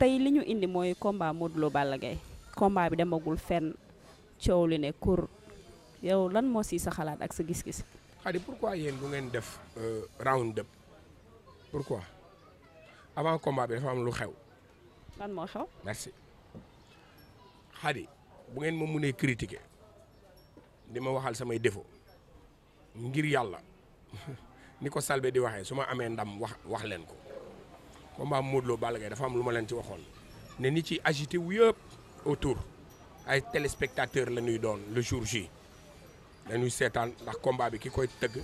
tay liñu indi moy combat Modou Lo Balla Gaye combat bi demagul fenn ciow li ne cour yow lan mo si sa xalat ak sa gis-gis. xadi pourquoi yeen bu ngeen def euh, round up pourquoi avant combat bi dafa am lu xew. lan mo xew. merci xadi bu ngeen mo mune critiquer dima waxal samay defo ngir yalla niko salbe di waxe suma amé ndam wax wax len ko. combat modlo Lo Balla dafa am luma len ci waxone ne ni ci agité wu autour ay téléspectateurs la ñuy doon le jour J dañuy sétane ndax combat bi ki koy teug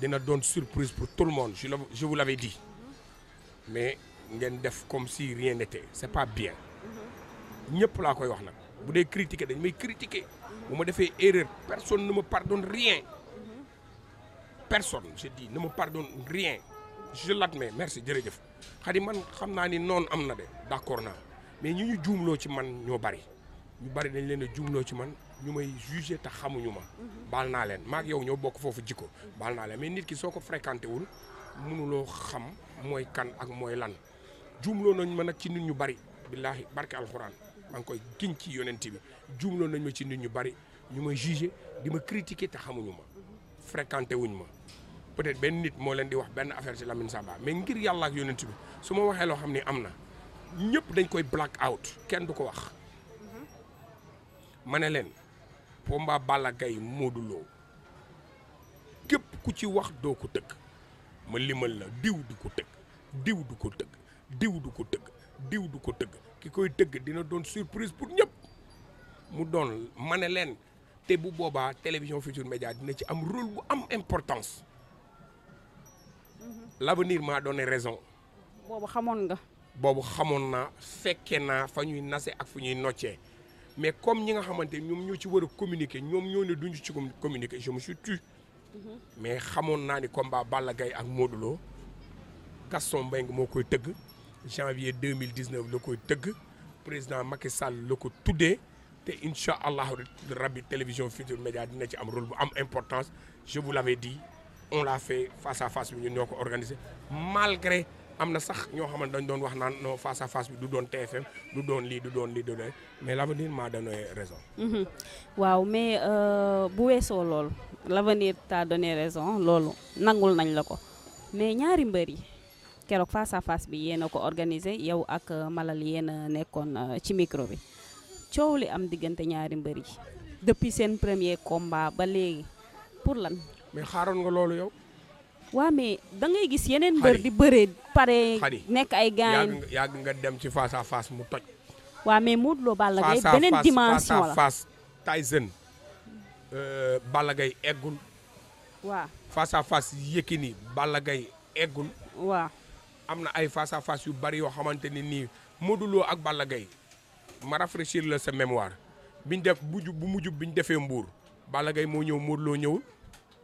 dina doon surprise pour tout le monde je je vous l'avais dit mais ngeen def comme si rien n'était c'est pas bien ñepp la koy wax nak bu dee critiquer dañ may critiquer bu ma erreur personne ne me pardonne rien personne je dis ne me pardonne rien je l'admets merci jërëjëf xadi man xam naa ni noon am na de d'accord naa mais ñi ñu juumloo ci man ñoo bari ñu bari dañ leen a juumloo ci man ñu may jugé te xamuñu ma. Mhm. baal naa leen maak yow ñoo bokk foofu jikko baal naa leen mais nit ki soo ko fréquenté wul mënuloo xam mooy kan ak mooy lan juumloo nañ ma nag ci nit ñu bari billaahi barke alxuraan maa ngi koy giñ ci yonent bi juumloo nañ ma ci nit ñu bari ñu may jugé di ma critiqué te xamuñu ma fréquenté wuñ ma. peut-être ben nit mo len di wax ben affaire ci Lamine Samba mais ngir yalla ak yonent bi suma waxe lo xamni amna ñepp dañ koy black out kenn du ko wax ma ne leen combat Balla Gaye Modou ku ci wax do ko tëgg ma limal la diw du ko tëgg diw du ko tëgg diw du ko diw du ko ki koy tëgg dina don surprise pour ñepp mu don ma ne leen bu boba télévision future média dina ci am rôle bu am importance l'avenir m'a donné raison. boobu xamoon nga. boobu xamoon naa fekke naa fa nase ak fu mais comme ñi nga xamante ñoom ñoo ci war communiquer ñoom ñoo ne duñu ci communiquer je me suis tue. Mhm. mais xamoon naa ni combat Balla Gaye ak Modou Lo Gaston Mbengue moo koy janvier 2019 le dix koy président Macky Sall le ko tuddee te incha rabbi télévision Futurs Média, dina ci am rôle bu am importance je vous l'avais dit. on l'a fait face à face bi am na sax ñoo xamante dañ doon wax naan non face à bi du doon TFM du doon lii du doon lii du doon mais l'avenir m'a donné raison. Mhm. waaw mais euh, bu weesoo loolu l'avenir t'a donné raison loolu nangul nañ la ko mais ñaari mbër yi keroog face à bi yéen a ko organisé yow ak euh, Malal yéen nekkoon euh, ci micro bi coow li am diggante ñaari mbër yi depuis seen premier combat ba léegi pour lan. mais xaron nga lolu yow wa mais da ngay gis yenen mbër di beure pare nek ay ya gaañ yag nga dem ci face à face mu toj wa mais mood Lo Balla Gaye beneen dimension la face Tyson euh Balla Gaye eggul face à face Yekini Balla egul wa amna am ay face à face yu bari yo xamanteni ni modulo Lo ak Balla Gaye ma rafraîchir le sa mémoire biñ def bu bu biñ defé mbour Balla Gaye moo ñëw Modou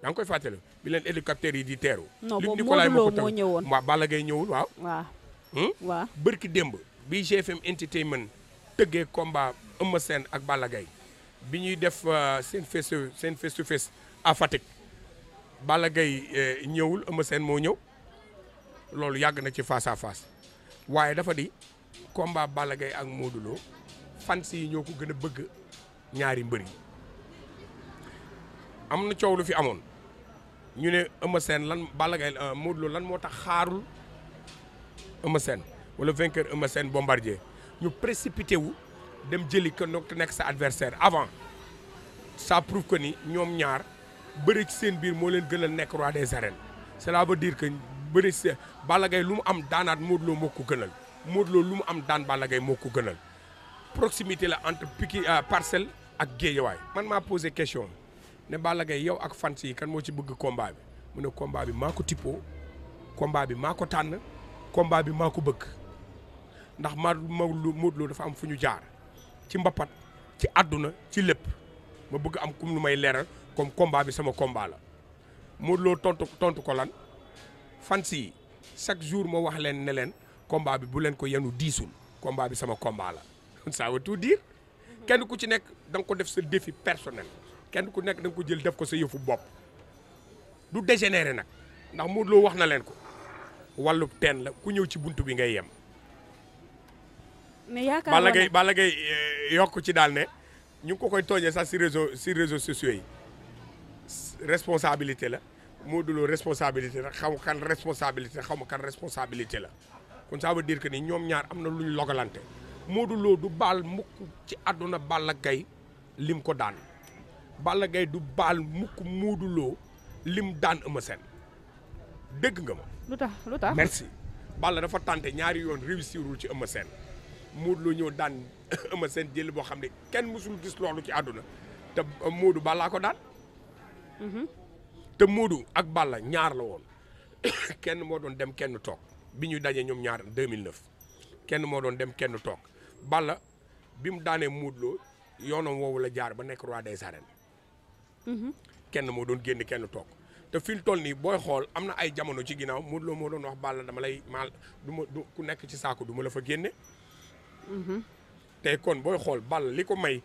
yaa koy fàttali bi leen hélicoptère yi di teeru. non boobu Modou moo ñëwoon waaw Balla Gaye ñëwul waaw. waaw. Hmm? waaw bërki démb bi GFM entertainment tëggee combat Eumeu Sène ak ballagay bi ñuy def euh, seen face seen face to face à euh, ñëwul Eumeu Sène moo ñëw loolu yàgg na ci face waaye dafa di combat Balla ak Modou fan si yi ñoo ko gën a bëgg ñaari mbër yi. Nous ciowlu fi amone ñu ne euma lan euh, lan wala bombardier ñu précipité wu dem adversaire avant ça prouve que ni ñom ñaar leen des arènes cela veut dire que nous si lu am danat modlo moko gënal am proximité entre euh, Parcelles ak geyeway man ma posé question ne Balla Gaye yow ak fans kan moo ci bëgg combat mu ne combat bi maa ko tippoo combat bi maa ko tànn combat bi maa ko bëgg ndax ma Modou Lo dafa am fu ñu jaar ci mbapat ci àdduna ci lépp ma bëgg am kum lu may leeral comme combat bi sama combat la Modou tontu tontu ko lan fans yi chaque jour moo wax leen ne leen combat bi bu leen ko yenu diisul combat bi sama combat la ça veut kenn ku ci nekk da ko def sa défi personnel kenn ku nekk da nga ko jël def ko sa yëfu bopp du dégénéré nag ndax Modou Lo wax na leen ko wàllu teen la ku ñëw ci bunt bi ngay yem. mais yaakaar Balla Gaye Balla euh, yokk ci daal ne ñu ngi ko koy tooñee sax si réseau si réseaux sociaux yi responsabilité la Modou Lo responsabilité la xaw ma kan responsabilité xaw ma kan responsabilité la kon ça diir dire que ni ñoom ñaar am na lu ñu logalante Modou Lo du baal mukk ci àdduna Balla Gaye lim ko daan. Balla gay du baal mukk muuduloo Lo lim daan Eumeu Sène dégg nga ma. lu tax lu tax merci. dafa tenté ñaari yoon réussirul ci Eumeu Sène Modou Lo ñëw daan Eumeu Sène jël boo xam ne kenn mësul gis loolu ci àdduna te euh, Modou balaa ko daan. Mhm. te Modou ak bala ñaar la woon kenn moo doon dem kenn toog bi ñuy dajee ñoom ñaar 2009 kenn moo doon dem kenn toog Balla bi mu daanee Modou Lo yoonam woowu la jaar ba nekk roi de arènes. Mm-hmm. kenn moo doon génn kenn toog te fi mu toll nii booy xool am na ay jamono ci ginnaaw Modou moo doon wax Balla dama lay maal du ma du ku nekk ci saako du ma la fa génne. Mm-hmm. kon booy xool Balla li ko may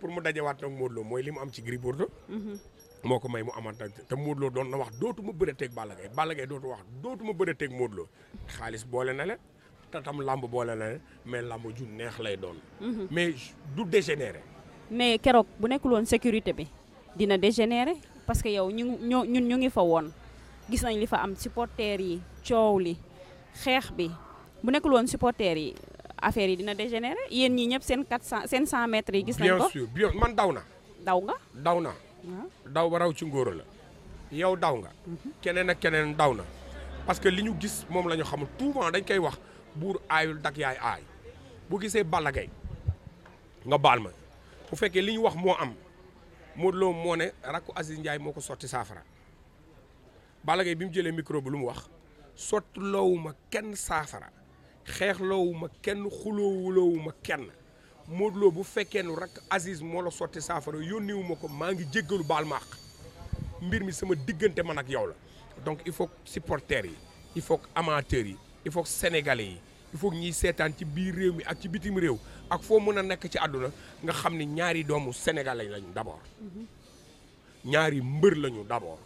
pour mu dajewaat nag mooy li mu am ci Gris Bordeaux. Mm-hmm. moo ko may mu amaat te Modou doon na wax dootuma bëreeteeg Balla Gaye Balla Gaye dootu wax dootuma bëreeteeg Modou Lo xaalis boole na leen te tam làmb boole na mais làmb ju neex lay doon. mais du dégénéré. mais keroog bu nekkul woon sécurité bi. dina dégénérer parce que yow ñun ñu ngi fa won gis nañ li fa am supporter yi coow li xeex bi bu nekul won supporter yi affaire yi dina dégénérer yeen ñi ñep sen 400 seen 100 mètres yi gis nañ ko bien sûr man dawna daw nga dawna ah. daw ba raw ci ngoro la yow daw nga mhm. keneen ak keneen dawna parce que liñu gis mom lañu xam tout souvent dañ koy wax bour ayul dak yaay ay bu gisee balagay nga baal ma bu fekkee li ñu wax moo am modlo Lo moo Aziz Ndiaye moko sorti safara Je Balla Gaye micro bi lum wax sotti kenn safara xeex kenn xuloowuloowuma kenn modlo bu fekkee rak Aziz molo sorti safara sama man ak yaw la donc il faut supporter, yi il faut amateur yi il faut sénégalais il faut ñuy seetaan ci biir réew mi ak ci bitim réew ak fo mëna nek ci aduna nga xamni ñaari doomu sénégalais lañu d'abord mhm. ñaari mbeur lañu d'abord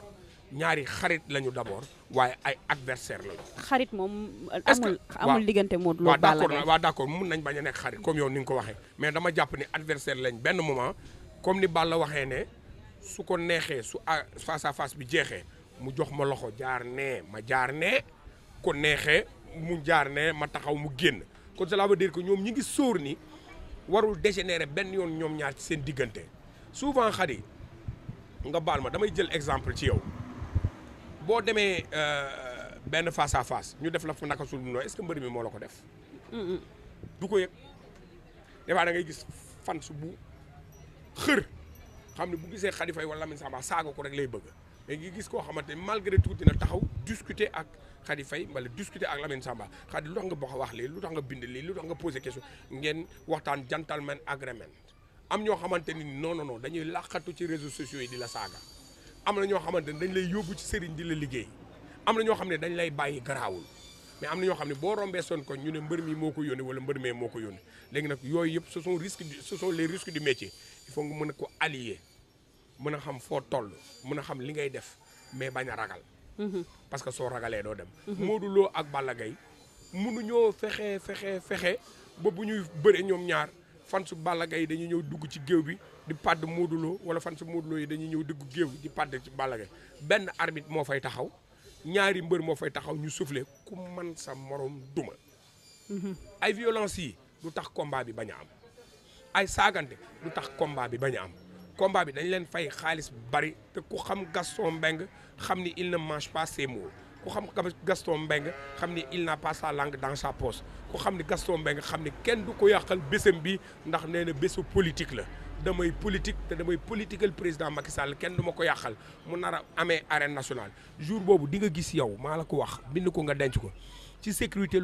ñaari xarit lañu d'abord waye ay adversaire lañu. xarit mom amul amul digënté Modou Lo Balla Gaye waaw d' accord mun nañ bañ a xarit comme yow ni nga ko waxé mais dama japp ni adversaire lañ ben moment comme ni Balla waxé né su ko nexé su face à face bi jéxé mu jox ma loxo jaar né ma jaar né ko nexé mu jaar ne ma taxaw mu génn kon cela ba dire que ñoom ñi ngi sóor ni warul dégénérer benn yoon ñoom ñaar ci seen diggante souvent xadi nga baal ma damay jël exemple ci yow boo demee euh, benn face à ñu def la fu naka sul noo est-ce que mbër mi moo la ko def du ko yëg des fois da ngay gis fan su bu xër xam ne bu gisee xadi fay wala Lamine Samba saaga ko rek lay bëgg léegi gis koo xamante ne malgré tout dina taxaw discuter ak Khady fay mbala discuter ak Lamine Samba Khady lu tax nga box wax lii lu tax nga bind lii lu tax nga posé question ngeen waxtaan gentleman agreement am ñoo xamante ni non non non dañuy làqatu ci réseau sociaux yi di la saaga am na ñoo xamante ni dañ lay yóbbu ci sëriñ di la liggéey am na ñoo xam ne dañ lay bàyyi garaawul mais am na ñoo xam ne boo rombee soon ko ñu ne mbër mi moo ko yónnee wala mbër mee moo ko yónnee léegi nag yooyu yëpp ce sont risques ce sont les risques du métier il faut nga mën a ko allier mën a xam foo toll mën a xam li ngay def mais bañ a ragal Mm-hmm. parce que soo ragalee doo dem. Mm-hmm. Modou ak Balla Gaye mënuñoo fexe fexe fexe ba bu ñuy bëree ñoom ñaar fan su Balla Gaye dañuy ñëw dugg ci géew bi di padd Modou Lo wala fan su Modou yi dañuy ñëw dugg géew bi di padd ci Balla benn arbitre moo fay taxaw ñaari mbër moo fay taxaw ñu soufflé ku man sa moroom duma. Mm-hmm. ay violence yi du tax combat bi bañ a am ay saagante du tax combat bi bañ a am. combat bi dañ leen fay bari te ku Gaston il ne mange pas ses mots ku xam Gaston Mbengue xamni il n'a pas sa langue dans sa poche ku xamni Gaston Mbengue xamni kenn du ko bi ndax politique la politique te political président Macky Sall kenn du ko mu nara amé arène nationale jour bobu di nga gis yow je la ko wax bind ko nga denc ko ci sécurité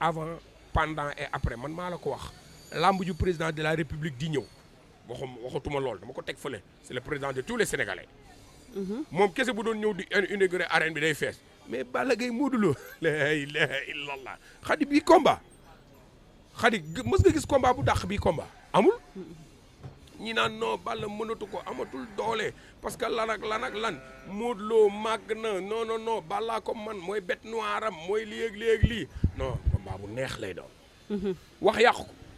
avant pendant et après man maa la ko wax lamb président de la république di waxum c'est le président de tous les sénégalais. Mhm. moom kese bu doon ñëw une inauguré arène bi day fees. mais Balla Gaye Modou la ilaha illallah xadi combat xadi il gis combat bu dàq combat amul. ñi naan non Balla mënatu amatul doole parce que lan ak lan ak lan non non non Balla ko man bête noire am mooy léeg non combat bu neex lay doon. Mhm. wax ko.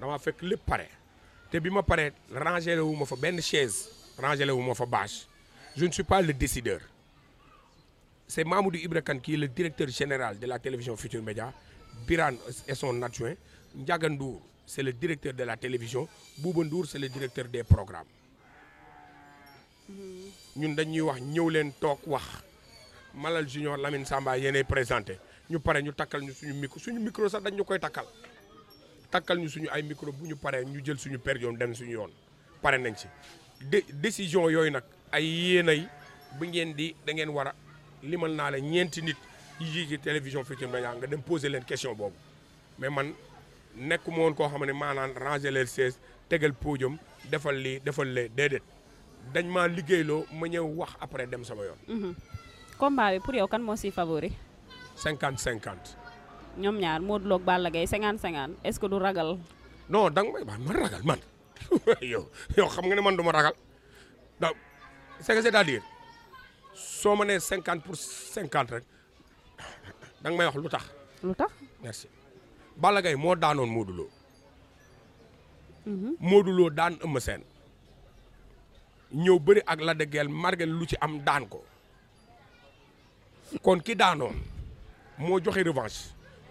dama fekk lépp pare te bi ma paree rangé wu ma fa benn chaise rangé wu ma fa bâche je ne suis pas le décideur c' est Mamoudou Ibra qui est le directeur général de la télévision Futur Média Birane et son adjoint Ndiaga Ndour c' est le directeur de la télévision Bouba Ndour c' est le directeur des programmes ñun dañuy wax ñëw leen toog wax Malal Junior Lamine Samba yéenay présenté ñu pare ñu takkal ñu suñu micro suñu micro sax dañ ñu koy takkal takkal ñu suñu ay micro bu ñu paree ñu jël suñu per yoon dem suñu yoon pare nañ ci dé décision yooyu nag ay yéenay bu ngeen di da ngeen war a limal naa le ñeenti nit yi ci télévision Futurs Médias nga dem poser leen question boobu mais man nekk ma woon koo xam ne maanaan ranger leen chaise tegal podium defal lii defal lee déedéet dañ maa liggéeyloo ma ñëw wax après dem sama yoon. Mm-hmm. combat bi pour yow kan moo siy favori. cinquante cinquante. ñom ñaar mo do lok Balla gay 50 50 est-ce du ragal non dang may ma ragal man yo yo xam nga ne man duma ragal da c'est c'est à dire so ma né 50 pour 50 rek dang may wax lutax lutax merci Balla gay mo daanon modulo Lo mm-hmm. Modou Lo daan eum sen ñew bëri ak la de gel margal lu ci am daan ko kon ki daanoon mo joxe revanche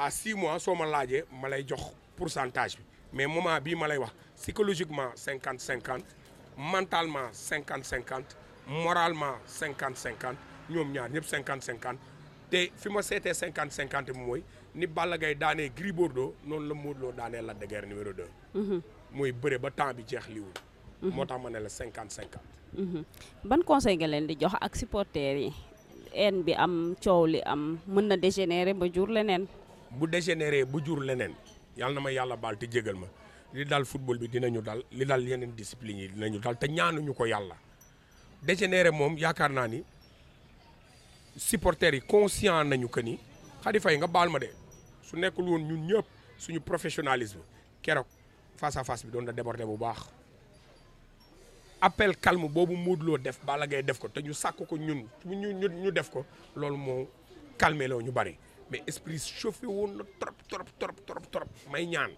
à 6 mois so ma laajee ma lay jox pourcentage bi mais moment bii ma lay wax psychologiquement 50 50 mentalement 50 50 moralement cinquante cinquante ñoom ñaar ñëpp cinquante cinquante te fi ma seetee cinquante cinquante ni Balla Gaye daanee Gris Bordeaux noonu la Modou Lo daanee Lac de Guiers numéro deux mhm. mooy bëre ba temps bi jeex mhm. mhm. ban conseil nga leen di jox ak yi bi am coow li am munda na dégénérer ba bu dégénéré bu jur lenen yalla na ma yàlla baal te ma li dal football bi dinañu dal li dal yenen discipline yi dinañu dal te ñaanuñu ko yalla dégénéré mom yaakaar ni yi conscient nañu que ni Khady nga bal ma de su nekkul won ñun ñëpp suñu professionnalisme kérok face à face bi doon da déborder bu baax appel calme bobu Modou def bala Gaye def ko te ñu sakko ko ñun ñu ñu def ko loolu mo calmer lo ñu bari mais esprit chauffé won na trop trop trop trop trop may ñaan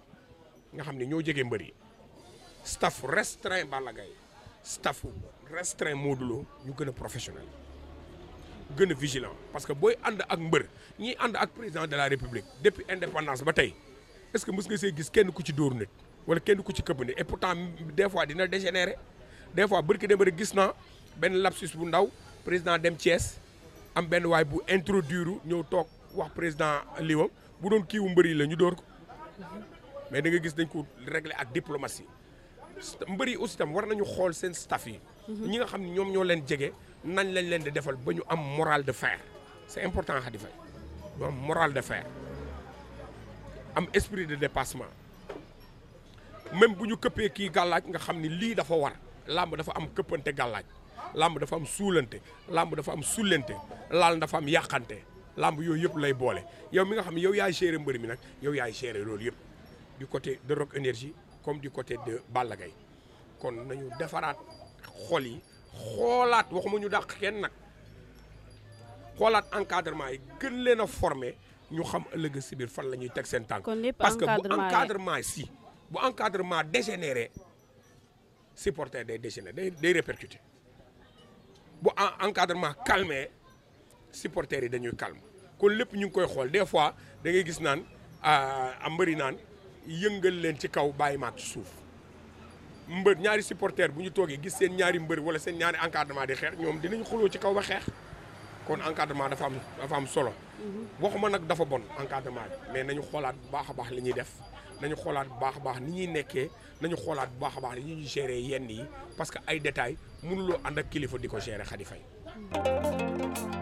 nga xamni ne ñoo jege mbër staff restreint Balla Gaye staff restreint modulo ñu gëna professionnel gëna vigilant parce que boy and ak mbeur ñi and ak président de la république depuis indépendance ba tay est ce que mëss nga see gis kenn ku ci door nit wala kenn ku ci këbb nit et pourtant des fois dina dégénérer des fois bërki dem mbeuri gis na ben lapsus bu ndaw président dem Thiès am ben way bu introduire ñeu tok wax président liiwam bu doon kiiwu mbër yi la ñu dóor ko mais da nga gis dañ ko régler ak diplomatie mbër yi aussi tam war nañu xool seen staff yi ñi nga xam ni ñoom ñoo leen jege nañ lañ leen di defal ba ñu am moral de fer c'est important Khady Faye ñu am moral de fer am esprit de dépassement même bu ñu këppee kii gàllaaj nga xam ni lii dafa war làmb dafa am këppante gàllaaj làmb dafa am suulante làmb dafa am sullante laal dafa am yàqante làmb yooyu yëpp lay boole yow mi nga xam ne yow yaay gérer mbër mi nag yow yaay gérer loolu yëpp du côté de Rock Énergie comme du côté de Balla kon nañu defaraat xol yi xoolaat waxuma ñu dàq kenn nag xoolaat encadrement yi gën leen a former ñu xam ëllëg si biir fan la ñuy teg seen tànk parce que bu encadrement si bu encadrement dégénéré supporter day dégénéré day répercuté bu encadrement calmé Supporter yi dañuy calme kon lepp ñu ngi koy xol des fois da ngay gis naan ah, am bari naan yëngal leen ci kaw suuf mbeur ñaari supporter bu ñu gis seen ñaari mbeur wala seen ñaari encadrement di xex ñom dinañ xulo ci kaw ba xex kon encadrement dafa am dafa am solo mhm. waxuma nak dafa bon encadrement mais nañu xolaat bu baax li ñuy def nañu xolaat bu baax ni ñi nekké nañu xolaat bu baax ni yenn yi parce que ay détails lo and ak kilifa di ko thank you